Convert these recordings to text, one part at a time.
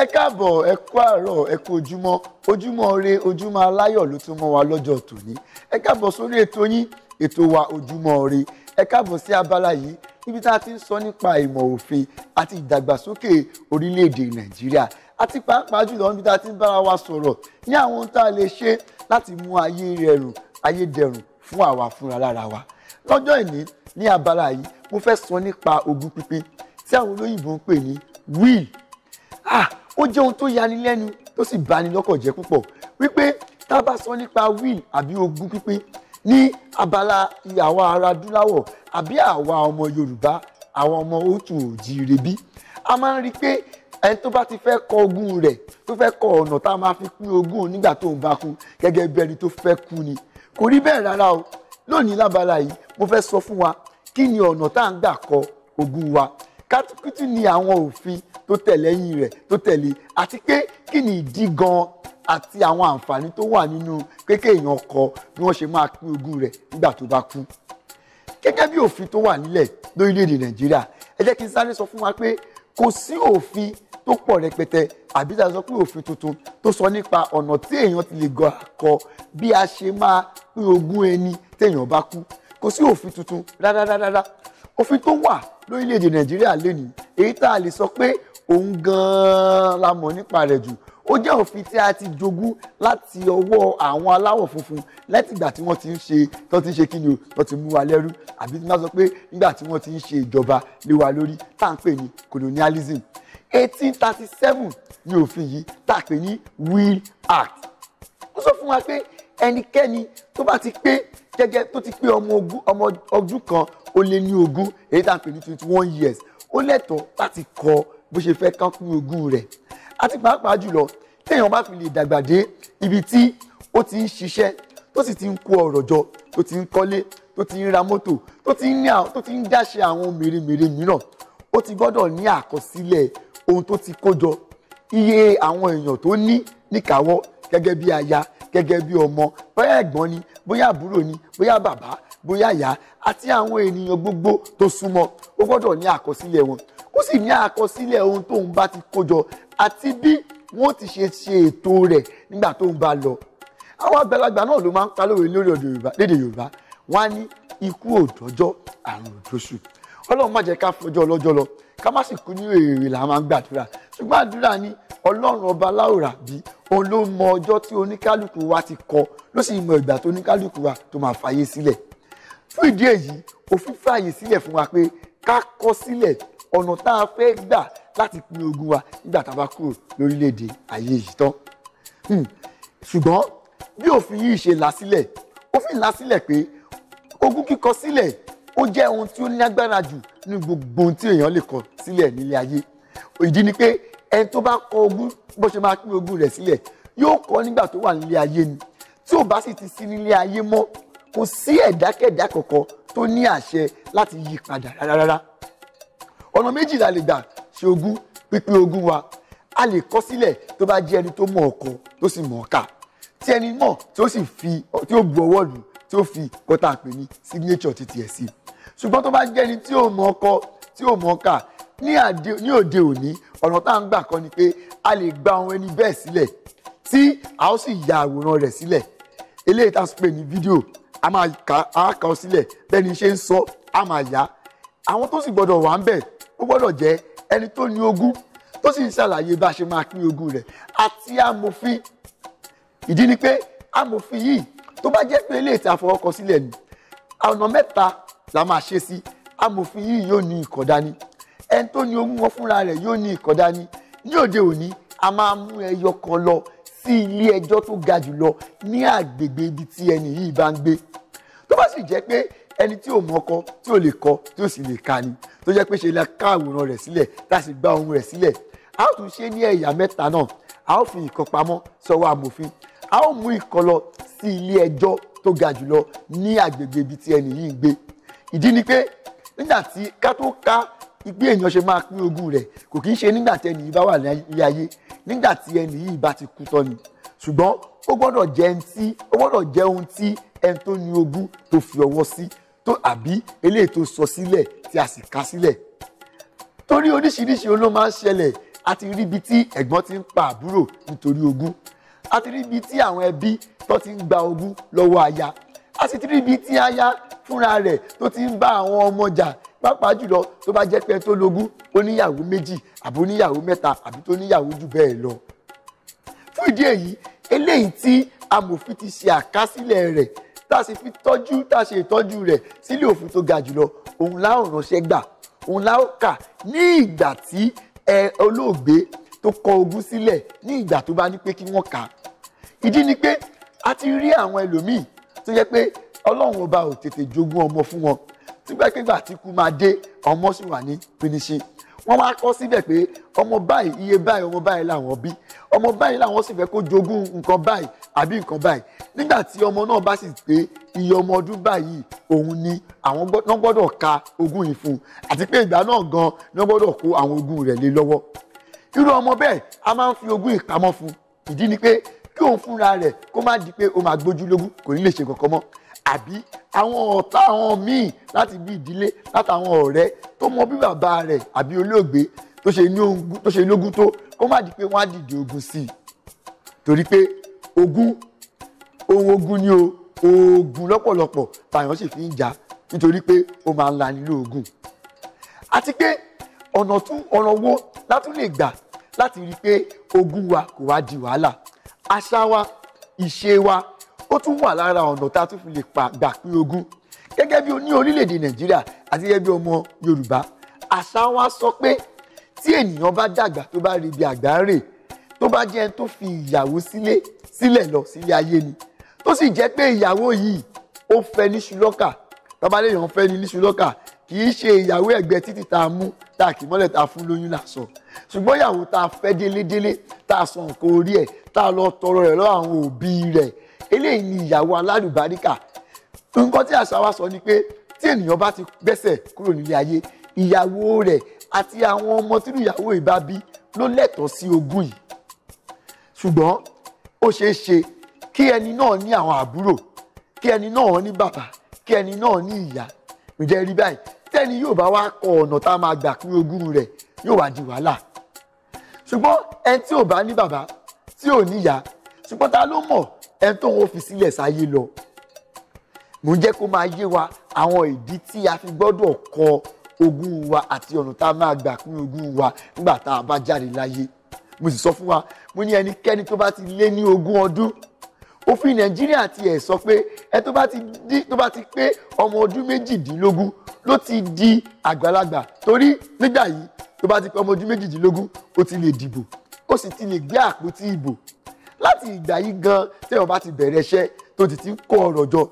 ẹ káàbọ̀ ẹ kú àárọ̀ ẹ kú ojúmọ́ ojúmọ́ ire ojúmọ́ aláyọ̀ ló tún mọ́ wa lọ́jọ́ tòní ẹ káàbọ̀ sórí ètò yín ètò wa ojúmọ́ ire ẹ káàbọ̀ sí abala yìí níbi tá a ti ń sọ nípa ìmọ̀ òfin àti ìdàgbàsókè orílẹ̀-èdè nàìjíríà àti pàápàá jùlọ níbi tá a ti ń bára wa sọ̀rọ̀ ní àwọn ohun tá a lè ṣe láti mú ayé rẹrùn ayé dẹrùn fún àwa fúnra lára wa lọ́jọ́ ìní tí àwọn olóyìnbó ń pè ní will ó jẹ́ ohun tó yanilẹ́nu tó sì bani lọ́kàn jẹ́ púpọ̀ wípé tá a bá sọ nípa will àbí ogún pípín ní abala àwa ará adúláwọ̀ àbí àwa ọmọ Yorùbá àwọn ọmọ òtún òjìire bí a máa ń rí i pé ẹni tó bá ti fẹ́ kọ ogún rẹ̀ tó fẹ́ kọ ọ̀nà tá a máa fi pín ogún nígbà tó ń bá kú gẹ́gẹ́ bí ẹni tó fẹ́ kú ni kò rí bẹ́ẹ̀ rárá o lónìí lábala yìí mo fẹ́ sọ fún wa kí ni ọ̀nà tá à ń gbà kọ ogún wa kátìkútì ni àwọn òfin tó tẹ̀lé ẹ̀yìn rẹ̀ tó tẹ̀lé àti pé kí ni ìdí gan àti àwọn àǹfààní tó wà nínú kékéèyàn kọ bí wọ́n ṣe máa pín ogún rẹ̀ nígbà tó bá kú. gẹ́gẹ́ bí òfin tó wà nílẹ̀ lórílẹ̀‐èdè nàìjíríà ẹ jẹ́ kí n sáré sọ fún wa pé kò sí òfin tó pọ̀ rẹpẹtẹ àbí tá a sọ pé òfin tuntun tó sọ nípa ọ̀nà tí èèyàn ti lè gbà kọ bí a ṣe máa pín ogún ẹni téèyàn bá kú kò sí òfin tuntun rárá òfin tó wà lórílẹ̀‐èdè nàìjíríà lónìí èyí tá a lè sọ pé òun gan-an la mọ̀ nípa rẹ̀ jù ó jẹ́ òfin tí a ti jogún láti ọwọ́ àwọn aláwọ̀ funfun látìgbà tí wọ́n ti ń ṣe tó ti ń ṣe kíni o tó ti mú wa lẹ́rú àbí tí wọ́n sọ pé nígbà tí wọ́n ti ń ṣe ìjọba lé wa lórí tá à ń pè ní colonialism eighteen thirty seven ni òfin yìí tá a pè ní Will Act ó sọ fún wa pé ẹnikẹ́ni tó bá ti pé gẹ́gẹ́ tó ti pé ọmọ ọdún kan ó lé ní ogún èyí tá a pè ní twenty one years ó lẹ́tọ̀ọ́ láti kọ bó ṣe fẹ́ ká kú ogún rẹ̀ àti pàápàá jùlọ téèyàn bá fi lè dàgbà dé ibi tí ó ti ń ṣiṣẹ́ tó sì ti ń kó ọ̀rọ̀ jọ tó ti ń kọ́lé tó ti ń ra mọ́tò tó ti ń dáṣe àwọn mèremère mìíràn ó ti gbọ́dọ̀ ní àkọsílẹ̀ ohun tó ti kó jọ iye àwọn èèyàn tó ní níkàáwọ́ gẹ́gẹ́ bí aya gẹ́gẹ́ bí ọmọ bóyá ẹ̀gbọ́n ni bóyá àbúrò ni bóyá bàbá bóyá ìyá àti àwọn ènìyàn gbogbo tó súnmọ́ ó gbọ́dọ̀ ní àkọsílẹ̀ wọn ó sì ní àkọsílẹ̀ ohun tóun bá ti kójọ àti bí wọ́n ti ṣe ṣe ètò rẹ̀ nígbà tóun bá lọ àwọn àgbàlagbà náà ló máa ń pa lóore lórí ọ̀dọ̀ yorùbá lédè yorùbá wọ́n á ní ikú òdòjọ́ àrùn òdòṣù ọlọ́run má jẹ́ ká fọjọ́ ọlọ́jọ́ lọ ká má sì kú ní èrè là máa ń gbàdúrà ṣùgbọ́n àdúrà ni ọlọ́run ọba láòrà bí òun ló mọ ọjọ́ tí oníkálukú wa ti kọ ló sì mọ ìgbà tó oníkálukú wa tó máa fàyè sílẹ̀ fún ìdí èyí òfin fàyè sílẹ̀ fún wa pé ká kọ sílẹ̀ ọ̀nà tá a fẹ́ gbà láti pín ogun wa nígbà tá a bá kúrò lórílẹ̀‐èdè ayé yìí tán hmm. ṣùgbọ́n bí òfin yìí ṣe là sílẹ̀ òfin là sílẹ̀ pé ogun kíkọ sílẹ̀ ó jẹ́ ohun tí ó ní jù ní gbogbo ohun tí èèyàn lè kọ sílẹ̀ nílé ayé ìdí ni pé ẹni tó bá kọ ogun bó ṣe máa pín ogun rẹ̀ sílẹ̀ yóò kọ nígbà tó wà nílé ayé ni tí ò bá sì ti sí nílé ayé mọ́ kò sí ẹ̀dákẹ́dá kọ̀ọ̀kan tó ní àṣẹ láti yí padà rárá ọ̀nà méjì la lè gbà ṣe ogún pípín ogún wa a lè kọ sílẹ̀ tó bá jẹ́ ẹni tó mọ̀ ọkọ tó sì mọ̀ ọ̀ka tí ẹni mọ̀ tí ó sì fi tí ó bu ọwọ́ lù tí ó fi kọ́tà pè ní signature ti tiẹ̀ sí ṣùgbọ́n tó bá jẹ́ ẹni tí ò mọ̀ ọkọ tí ò mọ̀ ọ̀ka ní òde òní ọ̀nà tá à ń gbà kọ́ ni pé a lè gba ohun ẹni bẹ́ẹ̀ sílẹ̀ tí a ó sì ya àwòrán rẹ̀ sílẹ̀ eléyìí tá a pè ní fídíò a máa kà á kà ó sílẹ̀ bẹ́ẹ̀ ni ṣe ń sọ a máa yá àwọn tó sì gbọ́dọ̀ wà ń bẹ̀ ó gbọ́dọ̀ jẹ́ ẹni tó ní ogún tó sì ń ṣàlàyé bá a ṣe máa pín ogún rẹ̀ àti amòfin ìdí ni pé amòfin yìí tó bá jẹ́ pé ilé ìta fọwọ́kọ sílẹ̀ ni ọ̀nà mẹ́ta la máa ṣe sí amòfin yìí yóò ní ìkọ̀dání ẹni tó ní ogún wọn fúnra rẹ̀ yóò ní ìkọ̀dání ní òde òní a máa mú ẹyọ kan lọ sí ilé ẹjọ́ tó ga jù lọ ní àgbègbè ibi tí ẹni yìí bá ń gbé tó bá sì jẹ́ pé ẹni tí ò mọ̀kọ tí ò lè kọ tí ò sì lè kà ni tó jẹ́ pé ṣe la ká àwòrán rẹ̀ sílẹ̀ tá a sì gba ohun rẹ̀ sílẹ̀ a ó tún ṣe ní ẹ̀yà mẹ́ta náà a ó fi ìkan pamọ́ sọ́wọ́ amòfin a ó mú ìkan lọ sí ilé ẹjọ́ tó ga jùlọ ní àgbègbè ibi tí ẹni yìí ń gbé ìdí ni pé nígbà tí ká tó ká ìgbé èèyàn ṣe máa pín ogún rẹ̀ kò kí ń ṣe nígbà tí ẹni yìí bá wà ní ayé nígbà tí ẹni yìí bá ti kú tán ni ṣùgbọ́n ó gbọ́dọ̀ jẹ́ ohun tí ẹni tó ní ogún tó fi ọwọ́ sí tó àbí eléyìí tó sọ sílẹ̀ tí a sì kà sílẹ̀ torí oríṣiríṣi ohun ló máa ń ṣẹlẹ̀ a ti rí ibi tí ẹ̀gbọ́n ti ń pa àbúrò nítorí ogún a ti rí ibi tí àwọn ẹbí tó ti ń gba ogún lọ́wọ́ aya a sì ti rí ibi tí aya fúnra rẹ̀ tó ti ń bá àwọn ọmọ jà pàápàá jùlọ tó bá jẹ́ pé tó lógún ó níyàwó méjì àbí ó níyàwó mẹ́ta àbí tó níyàwó jù bẹ́ẹ̀ lọ fún ìdí èyí eléyìí tí amòfin ti ṣe àkásílẹ̀ rẹ̀ tá a sì fi tọ́jú tá a ṣe ìtọ́jú rẹ̀ sílé òfin tó ga jùlọ òun láò ránṣẹ́ gbà òun láò kà ní ìgbà tí ẹ olóògbé tó kọ ogún sílẹ̀ ní ìgbà tó bá ní pé kí wọ́n kà á ìdí ni pé a ti rí àwọn ẹlòmíì tó yẹ pé ọlọ́run ọba ò tètè jogún ọmọ fún wọn tígbàkigbà tí kú máa dé ọmọ sì wà ní pínísì wọ́n wá kọ síbẹ̀ pé ọmọ báyìí iye báyìí ọmọ báyìí làwọn bí ọmọ báyìí làwọn sì fẹ́ kó jogún nǹkan báyìí àbí nǹkan báyìí nígbà tí ọmọ náà bá sì pé iye ọmọ ọdún báyìí òun ni àwọn gbọ́dọ̀ ka ogún yìí fún un àti pé ìgbà náà gan ni wọ́n gbọ́dọ̀ kó àwọn ogún rẹ̀ lé lọ́wọ́ irú ọmọ bẹ́ẹ̀ a máa ń fi ogún ìpamọ́ fún ìdí ni pé kí òun fúnra rẹ̀ kó má di pé ó máa gbójú lógún kò ní lè ṣe kankan mọ́ àbí àwọn ọ̀tá àwọn míì láti bí ìdílé látàwọn ọ̀rẹ́ tó mọ bí bàbá rẹ̀ àbí olóògbé tó ṣe lógún tó kó má di pé wọ́n á dìde ogún sí i torí pé ogún ohun ogun ni o oògùn lọ́pọ̀lọpọ̀ tàyàn sì fi ń jà nítorí pé ó máa ń lani lóògùn àti pé ọ̀nà tún ọ̀nà wo látún lè gbà láti rí i pé ogún wa kò wá di wàhálà àṣà wa ìṣe wa ó tún wà lára ọ̀nà tá a tún fi lè pa gbà pé ogún gẹ́gẹ́ bí ní orílẹ̀-èdè nàìjíríà àti gẹ́gẹ́ bí ọmọ yorùbá àṣà wa sọ pé tí ènìyàn bá dàgbà tó bá rí ibi àgbà rè tó bá jẹ́ tó fi ìyàwó sílẹ̀ lọ sílé ayé ni ó sì jẹ́ pé ìyàwó yìí ó fẹ́ ní ṣùlọ́kà tọ́ba léèyàn fẹ́ ní ṣùlọ́kà kì í ṣe ìyàwó ẹ̀gbẹ́ títí tá a mú tá a kì mọ́lẹ̀ tá a fún lóyún lásán ṣùgbọ́n ìyàwó tá a fẹ́ délédélé tá a san nǹkan orí ẹ̀ tá a lọ tọrọ rẹ̀ lọ́wọ́ àwọn òbí rẹ̀ eléyìí ni ìyàwó alálùbáríkà nǹkan tí àṣà wa sọ ni pé tí ènìyàn bá ti gbẹ́sẹ̀ kúrò nílé ayé ìyàwó rẹ̀ àti àwọn ọmọ tínú ìyàwó ìbá bí ló lẹ́tọ̀ọ́ sí ogún yìí ṣùgbọ́n ó ṣeé ṣe kí ẹni náà ní àwọn àbúrò kí ẹni náà ní bàbá kí ẹni náà ní ìyá ǹjẹ́ rí báyìí tẹ́ni yóò bá wá kọ ọ̀nà tá a máa gbà kúrò ogún rẹ̀ yóò wá di wàhálà ṣùgbọ́n ẹni tí ò bá ní bàbá tí ò ní ìyá ṣùgbọ́n ta ló mọ̀ ẹni tó ń wo fi sílẹ̀ sáyé lọ mò ń jẹ́ kó máa yé wa àwọn ìdí tí a fi gbọ́dọ̀ kọ ogún wa àti ọ̀nà tá a máa gbà kún ogún wa nígbà tá a bá jáde láyé mo sì sọ fún wa mo ní ẹnikẹ́ni tó bá ti lé ní ogún ọdún òfin nàìjíríà ti ẹ̀ sọ pé ẹ tó bá ti di tó bá ti pé ọmọ ọdún méjìdínlógún ló ti di àgbàlagbà torí nígbà yìí tó bá ti pé ọmọ ọdún méjìdínlógún ó ti lè dìbò ó sì ti lè gbé àpótí ìbò láti ìgbà yìí gan tẹ́wọ̀n bá ti bẹ̀rẹ̀ iṣẹ́ tó ti ti ń kó ọ̀rọ̀ jọ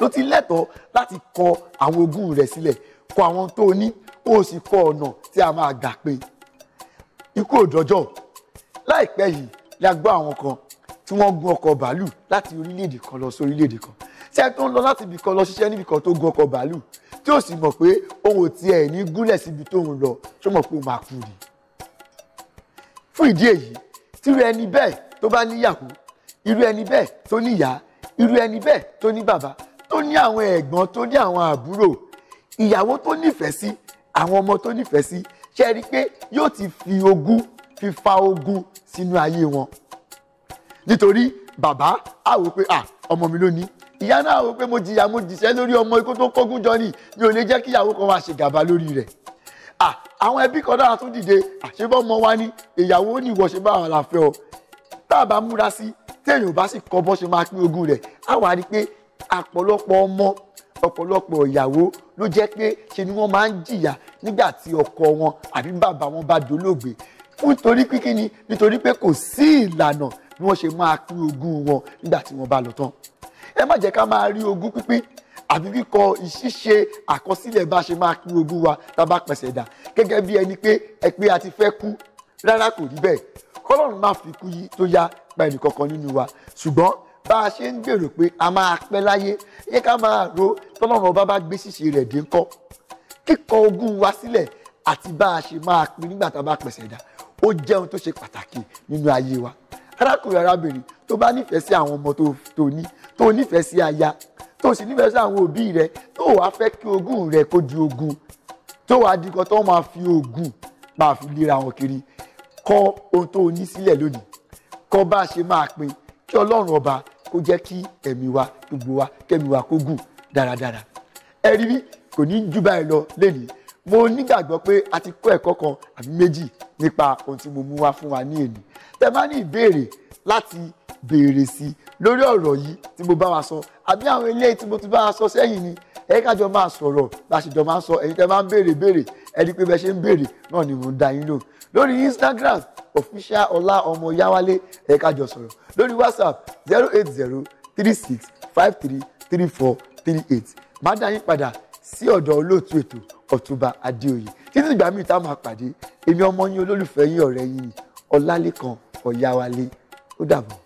ló ti lẹ́tọ̀ọ́ láti kọ àwọn ogún rẹ̀ sílẹ̀ kọ àwọn tó o ní kó o sì kọ ọ̀nà tí a máa gbà pé ikú òdọ́jọ́ láìpẹ́ yìí la gbọ́ àwọn kan tí wọ́n gun ọkọ̀ bàálù láti orílẹ̀-èdè kan lọ sí orílẹ̀-èdè kan tí ẹ tó ń lọ láti ibì kan lọ ṣiṣẹ́ níbì kan tó gun ọkọ̀ bàálù tí ó sì mọ̀ pé òun ò tiẹ̀ ní gúnlẹ̀ síbi tó ń lọ ṣó mọ̀ pé òun máa kú ni. fún ìdí èyí tírú ẹni bẹ́ẹ̀ tó bá níyàwó irú ẹni bẹ́ẹ̀ tó níyá irú ẹni bẹ́ẹ̀ tó ní bàbá tó ní àwọn ẹ̀gbọ́n tó ní àwọn àbúrò ìyàwó tó nífẹ̀ẹ́ sí àwọn ọmọ tó nífẹ̀ẹ́ sí ṣe rí i pé yóò ti fi ogún fi fa ogún sínú ayé wọn nítorí bàbá á wò pé à ọmọ mi ló ní ìyá náà wò pé mo jìyà mo jìṣẹ́ lórí ọmọ ikú tó kógun jọ ni mi ò lè jẹ́ kí ìyàwó kan wá ṣègàba lórí rẹ̀ à àwọn ẹbí kan náà tún dìde àṣebọ́ ọmọ wa ni ìyàwó ní ìwọ ṣe bá àwọn àlàfẹ́ ọ tá a bá múra sí téèyàn bá sì kọ́ bọ́ ṣe máa pín ogún rẹ̀ á wà rí pé ọ̀pọ̀lọpọ̀ ọmọ ọ̀pọ̀lọpọ̀ ìyàwó ló jẹ́ pé ṣe ni wọ́n máa ń jìyà nígbà tí ọkọ wọn àbí bàbá wọn bá dolóògbé nítorí pé kíni nítorí pé kò sí ìlànà bí wọ́n ṣe máa pín ogún wọn nígbà tí wọ́n bá lọ tán ẹ má jẹ́ ká máa rí ogún pínpín àbí kíkọ ìṣíṣe àkọsílẹ̀ bá ṣe máa pín ogún wa tá a bá pẹ̀sẹ̀ dà gẹ́gẹ́ bí ẹni pé ẹ pé a ti fẹ́ kú rárá kò rí bẹ́ẹ̀ kọ́lọ́run má fi kú yí tó yá pa ẹnì kankan nínú wa ṣùgbọ́n bá a ṣe ń gbèrò pé a máa pẹ́ láyé yẹ ká máa ro tọ́lọ́run ọba bá gbé ṣíṣe rẹ̀ dé ńkọ́ kíkọ ogún wa sílẹ̀ àti bá a ṣe máa pín nígbà tá a bá pẹ̀sẹ̀ dà ó jẹ́ ohun tó ṣe pàtàkì nínú ayé wa arákùnrin arábìnrin tó bá nífẹ̀ẹ́ sí àwọn ọmọ tó ní tó nífẹ̀ẹ́ sí aya tó sì nífẹ̀ẹ́ sí àwọn òbí rẹ tó wàá fẹ́ kí ogún rẹ kó di ogun tó wàá di kan tó máa fi ogun máa fi lera wọn kiri kọ ohun tó ní sílẹ̀ lónìí kọ bá a ṣe máa pín kí ọlọ́run ọba kó jẹ́ kí ẹ̀mí wa gbogbo wa kẹ́mi wa kó gùn dáradára ẹ rí bí kò ní jù báyìí lọ lẹ́nìí mo nígbàgbọ́ pé a ti kọ́ ẹ̀kọ́ kan àbí méjì nípa ohun tí mo mú wá fún wa ní èní tẹ bá ní ìbéèrè láti béèrè sí lórí ọ̀rọ̀ yìí tí mo bá wa sọ àbí àwọn ilé tí mo ti bá wa sọ sẹ́yìn ni ẹ kájọ máa sọ̀rọ̀ bá a ṣe máa sọ ẹ̀yin tẹ máa ń béèrè béèrè ẹni pé bẹ́ẹ̀ ṣe ń béèrè náà ni mo ń da yín lò lórí Instagram official ọlá ọmọ yáwálé ẹ kájọ sọ̀rọ̀ lórí WhatsApp zero eight zero three six five three three four three eight máa dá yín padà sí ọ̀dọ̀ olóòtú ètò ọ̀túnba adéoyè títí ìgbà míì tá a máa pàdé èmi ọmọ yín olólùfẹ́ yín ọ̀rẹ́ yín ọ̀làlẹ́kan Ọ̀yáwálé ó dàbọ̀.